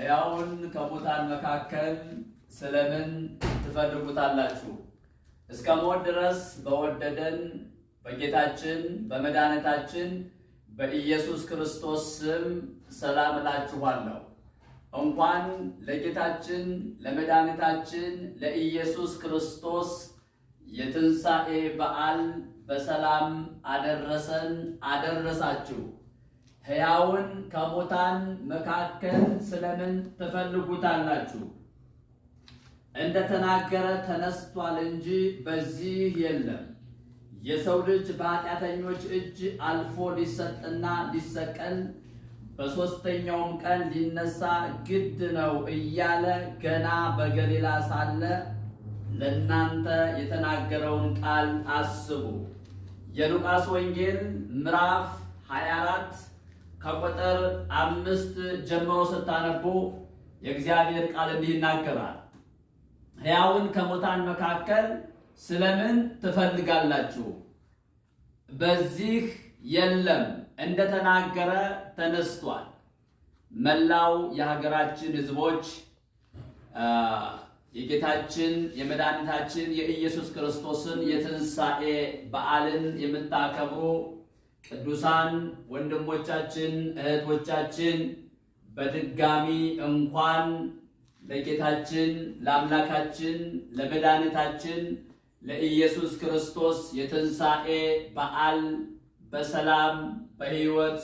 ሕያውን ከሙታን መካከል ስለምን ትፈልጉታላችሁ? እስከ ሞት ድረስ በወደደን በጌታችን በመድኃኒታችን በኢየሱስ ክርስቶስ ስም ሰላም እላችኋለሁ። እንኳን ለጌታችን ለመድኃኒታችን ለኢየሱስ ክርስቶስ የትንሣኤ በዓል በሰላም አደረሰን አደረሳችሁ። ሕያውን ከሙታን መካከል ስለምን ትፈልጉታላችሁ? እንደተናገረ ተነስቷል እንጂ በዚህ የለም። የሰው ልጅ በኃጢአተኞች እጅ አልፎ ሊሰጥና ሊሰቀል በሦስተኛውም ቀን ሊነሳ ግድ ነው እያለ ገና በገሊላ ሳለ ለእናንተ የተናገረውን ቃል አስቡ። የሉቃስ ወንጌል ምዕራፍ 24 ከቁጥር አምስት ጀምሮ ስታነቡ የእግዚአብሔር ቃል እንዲህ ይናገራል። ሕያውን ከሙታን መካከል ስለምን ትፈልጋላችሁ? በዚህ የለም እንደተናገረ ተነስቷል። መላው የሀገራችን ሕዝቦች የጌታችን የመድኃኒታችን የኢየሱስ ክርስቶስን የትንሣኤ በዓልን የምታከብሩ ቅዱሳን ወንድሞቻችን እህቶቻችን በድጋሚ እንኳን ለጌታችን ለአምላካችን ለመድኃኒታችን ለኢየሱስ ክርስቶስ የትንሣኤ በዓል በሰላም በሕይወት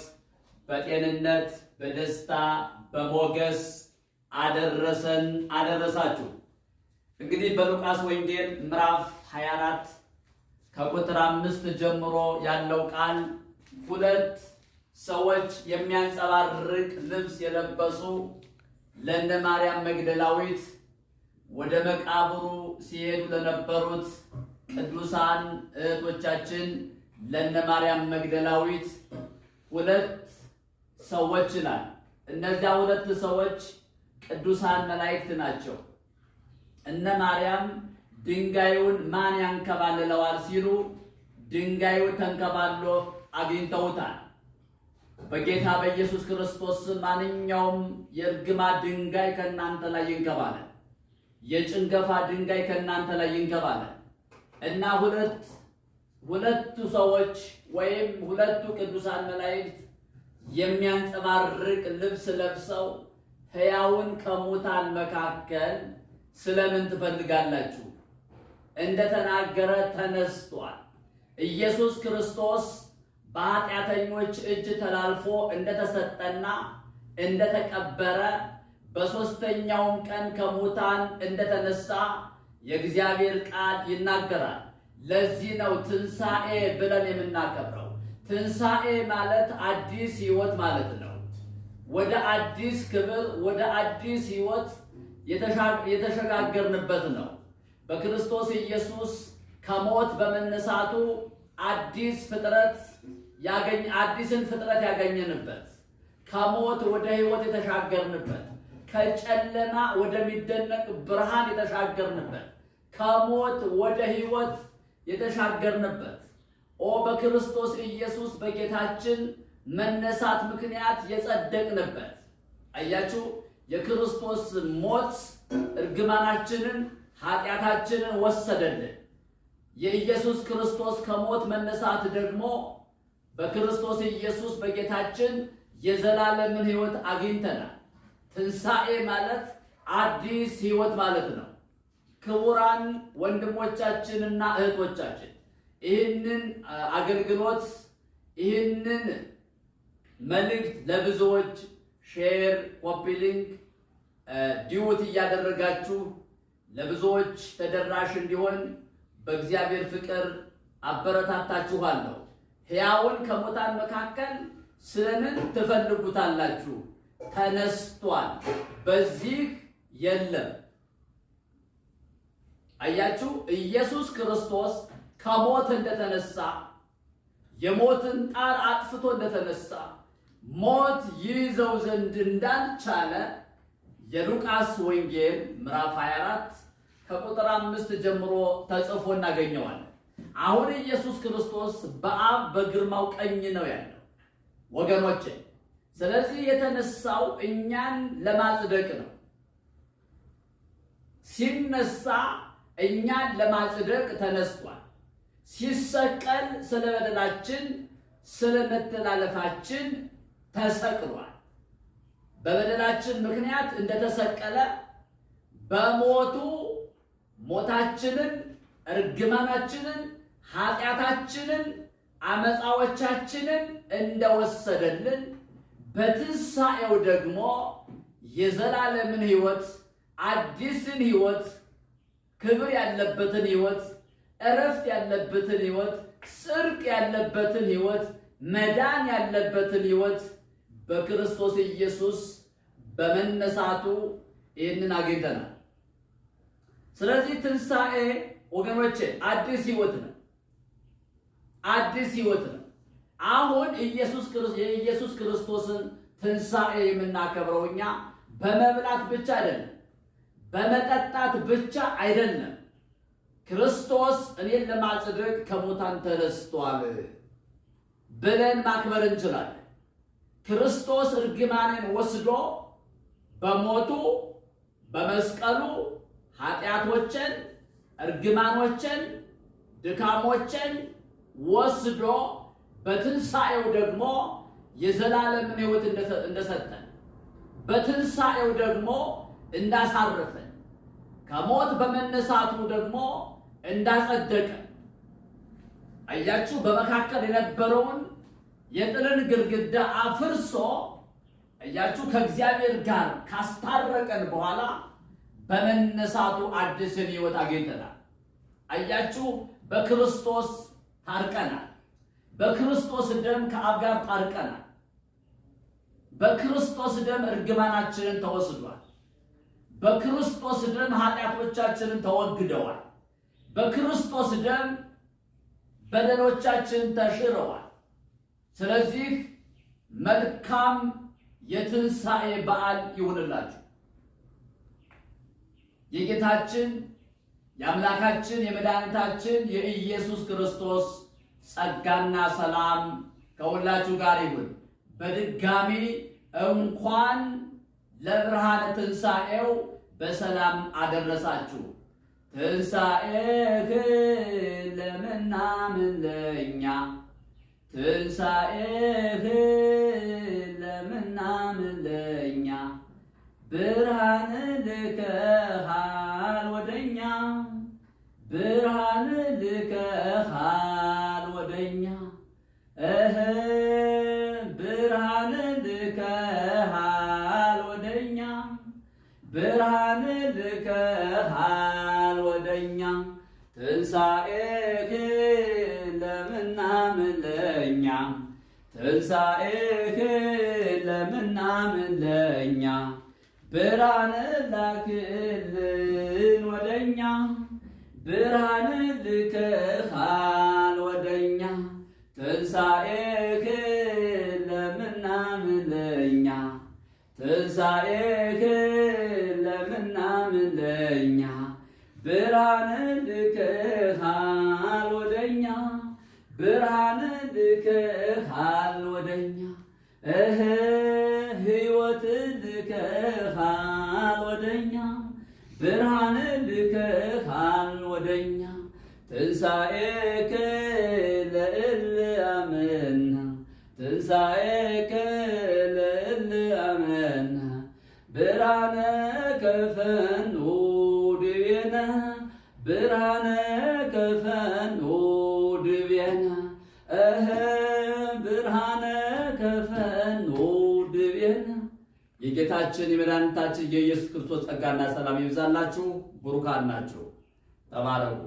በጤንነት በደስታ በሞገስ አደረሰን አደረሳችሁ። እንግዲህ በሉቃስ ወንጌል ምዕራፍ 24 ከቁጥር አምስት ጀምሮ ያለው ቃል ሁለት ሰዎች የሚያንጸባርቅ ልብስ የለበሱ ለእነ ማርያም መግደላዊት ወደ መቃብሩ ሲሄዱ ለነበሩት ቅዱሳን እህቶቻችን ለእነ ማርያም መግደላዊት ሁለት ሰዎች ይላል። እነዚያ ሁለት ሰዎች ቅዱሳን መላእክት ናቸው። እነ ማርያም ድንጋዩን ማን ያንከባልለዋል ሲሉ ድንጋዩ ተንከባሎ አግኝተውታል። በጌታ በኢየሱስ ክርስቶስ ማንኛውም የእርግማ ድንጋይ ከእናንተ ላይ ይንከባለን፣ የጭንገፋ ድንጋይ ከእናንተ ላይ ይንከባለን እና ሁለት ሁለቱ ሰዎች ወይም ሁለቱ ቅዱሳን መላእክት የሚያንጸባርቅ ልብስ ለብሰው ሕያውን ከሙታን መካከል ስለምን ትፈልጋላችሁ? እንደተናገረ ተነስቷል። ኢየሱስ ክርስቶስ በኃጢአተኞች እጅ ተላልፎ እንደተሰጠና እንደተቀበረ በሦስተኛውም ቀን ከሙታን እንደተነሳ የእግዚአብሔር ቃል ይናገራል። ለዚህ ነው ትንሣኤ ብለን የምናከብረው። ትንሣኤ ማለት አዲስ ሕይወት ማለት ነው። ወደ አዲስ ክብር፣ ወደ አዲስ ሕይወት የተሸጋገርንበት ነው። በክርስቶስ ኢየሱስ ከሞት በመነሳቱ አዲስ ፍጥረት ያገኝ አዲስን ፍጥረት ያገኘንበት ከሞት ወደ ህይወት የተሻገርንበት ከጨለማ ወደሚደነቅ ብርሃን የተሻገርንበት ከሞት ወደ ህይወት የተሻገርንበት ኦ በክርስቶስ ኢየሱስ በጌታችን መነሳት ምክንያት የጸደቅንበት። አያችሁ፣ የክርስቶስ ሞት እርግማናችንን ኃጢአታችንን ወሰደልን። የኢየሱስ ክርስቶስ ከሞት መነሳት ደግሞ በክርስቶስ ኢየሱስ በጌታችን የዘላለምን ሕይወት አግኝተናል። ትንሣኤ ማለት አዲስ ሕይወት ማለት ነው። ክቡራን ወንድሞቻችንና እህቶቻችን ይህንን አገልግሎት ይህንን መልእክት ለብዙዎች ሼር፣ ኮፒሊንግ፣ ዲዩት እያደረጋችሁ ለብዙዎች ተደራሽ እንዲሆን በእግዚአብሔር ፍቅር አበረታታችኋለሁ። ሕያውን ከሙታን መካከል ስለምን ትፈልጉታላችሁ? ተነስቷል፣ በዚህ የለም። አያችሁ፣ ኢየሱስ ክርስቶስ ከሞት እንደተነሳ የሞትን ጣር አጥፍቶ እንደተነሳ ሞት ይይዘው ዘንድ እንዳልቻለ የሉቃስ ወንጌል ምዕራፍ 24 ከቁጥር አምስት ጀምሮ ተጽፎ እናገኘዋለን። አሁን ኢየሱስ ክርስቶስ በአብ በግርማው ቀኝ ነው ያለው ወገኖች። ስለዚህ የተነሳው እኛን ለማጽደቅ ነው። ሲነሳ እኛን ለማጽደቅ ተነስቷል። ሲሰቀል ስለ በደላችን ስለ መተላለፋችን ተሰቅሏል። በበደላችን ምክንያት እንደተሰቀለ በሞቱ ሞታችንን እርግማናችንን ኃጢአታችንን አመፃዎቻችንን እንደወሰደልን በትንሣኤው ደግሞ የዘላለምን ሕይወት አዲስን ሕይወት ክብር ያለበትን ሕይወት እረፍት ያለበትን ሕይወት ጽድቅ ያለበትን ሕይወት መዳን ያለበትን ሕይወት በክርስቶስ ኢየሱስ በመነሳቱ ይህንን አግኝተናል። ስለዚህ ትንሣኤ ወገኖቼ አዲስ ሕይወት ነው። አዲስ ህይወት ነው። አሁን የኢየሱስ ክርስቶስን ትንሣኤ የምናከብረው እኛ በመብላት ብቻ አይደለም፣ በመጠጣት ብቻ አይደለም። ክርስቶስ እኔን ለማጽደቅ ከሙታን ተነስቷል ብለን ማክበር እንችላለን። ክርስቶስ እርግማንን ወስዶ በሞቱ በመስቀሉ ኃጢአቶችን፣ እርግማኖችን፣ ድካሞችን ወስዶ በትንሣኤው ደግሞ የዘላለምን ሕይወት እንደሰጠን በትንሣኤው ደግሞ እንዳሳረፈን ከሞት በመነሳቱ ደግሞ እንዳጸደቀን። አያችሁ፣ በመካከል የነበረውን የጥልን ግድግዳ አፍርሶ እያችሁ ከእግዚአብሔር ጋር ካስታረቀን በኋላ በመነሳቱ አዲስን ሕይወት አግኝተናል። አያችሁ በክርስቶስ ታርቀናል። በክርስቶስ ደም ከአብ ጋር ታርቀናል። በክርስቶስ ደም እርግማናችንን ተወስዷል። በክርስቶስ ደም ኃጢአቶቻችንን ተወግደዋል። በክርስቶስ ደም በደሎቻችን ተሽረዋል። ስለዚህ መልካም የትንሣኤ በዓል ይሁንላችሁ። የጌታችን የአምላካችን የመድኃኒታችን የኢየሱስ ክርስቶስ ጸጋና ሰላም ከሁላችሁ ጋር ይሁን። በድጋሚ እንኳን ለብርሃነ ትንሣኤው በሰላም አደረሳችሁ። ትንሣኤህ ለምናምን ለእኛ ትንሣኤህ ለምናምን ለእኛ ብርሃን ልከሃ ልከሃል ወደኛ ብርሃን ልከሃል ወደኛ እህ ብርሃን ልከሃል ወደኛ ብርሃን ልከሃል ወደኛ ትንሳኤ ለምናምለኛ ትንሣኤህን ለምናምለኛ ብርሃን ላክልን ወደኛ ብርሃን ልከኻል ወደኛ ትንሣኤክን ለምናምለኛ ትንሣኤክን ለምናምለኛ ብርሃን ልከኻል ወደኛ ብርሃን ልከኻል ወደኛ እህ ወደኛ ብርሃን ልከሃል ወደኛ ትንሣኤከ ለእል አመና ትንሣኤከ ለእል አመና ብርሃነ ከፈኑ ድቤነ ብርሃነ ከፈኑ ድቤነ የጌታችን የመድኃኒታችን የኢየሱስ ክርስቶስ ጸጋና ሰላም ይብዛላችሁ። ብሩካን ናችሁ፣ ተባረኩ።